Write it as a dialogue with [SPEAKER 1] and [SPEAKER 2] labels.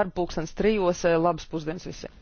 [SPEAKER 1] ar pulkstens trijos eh, labas pusdienas visiem!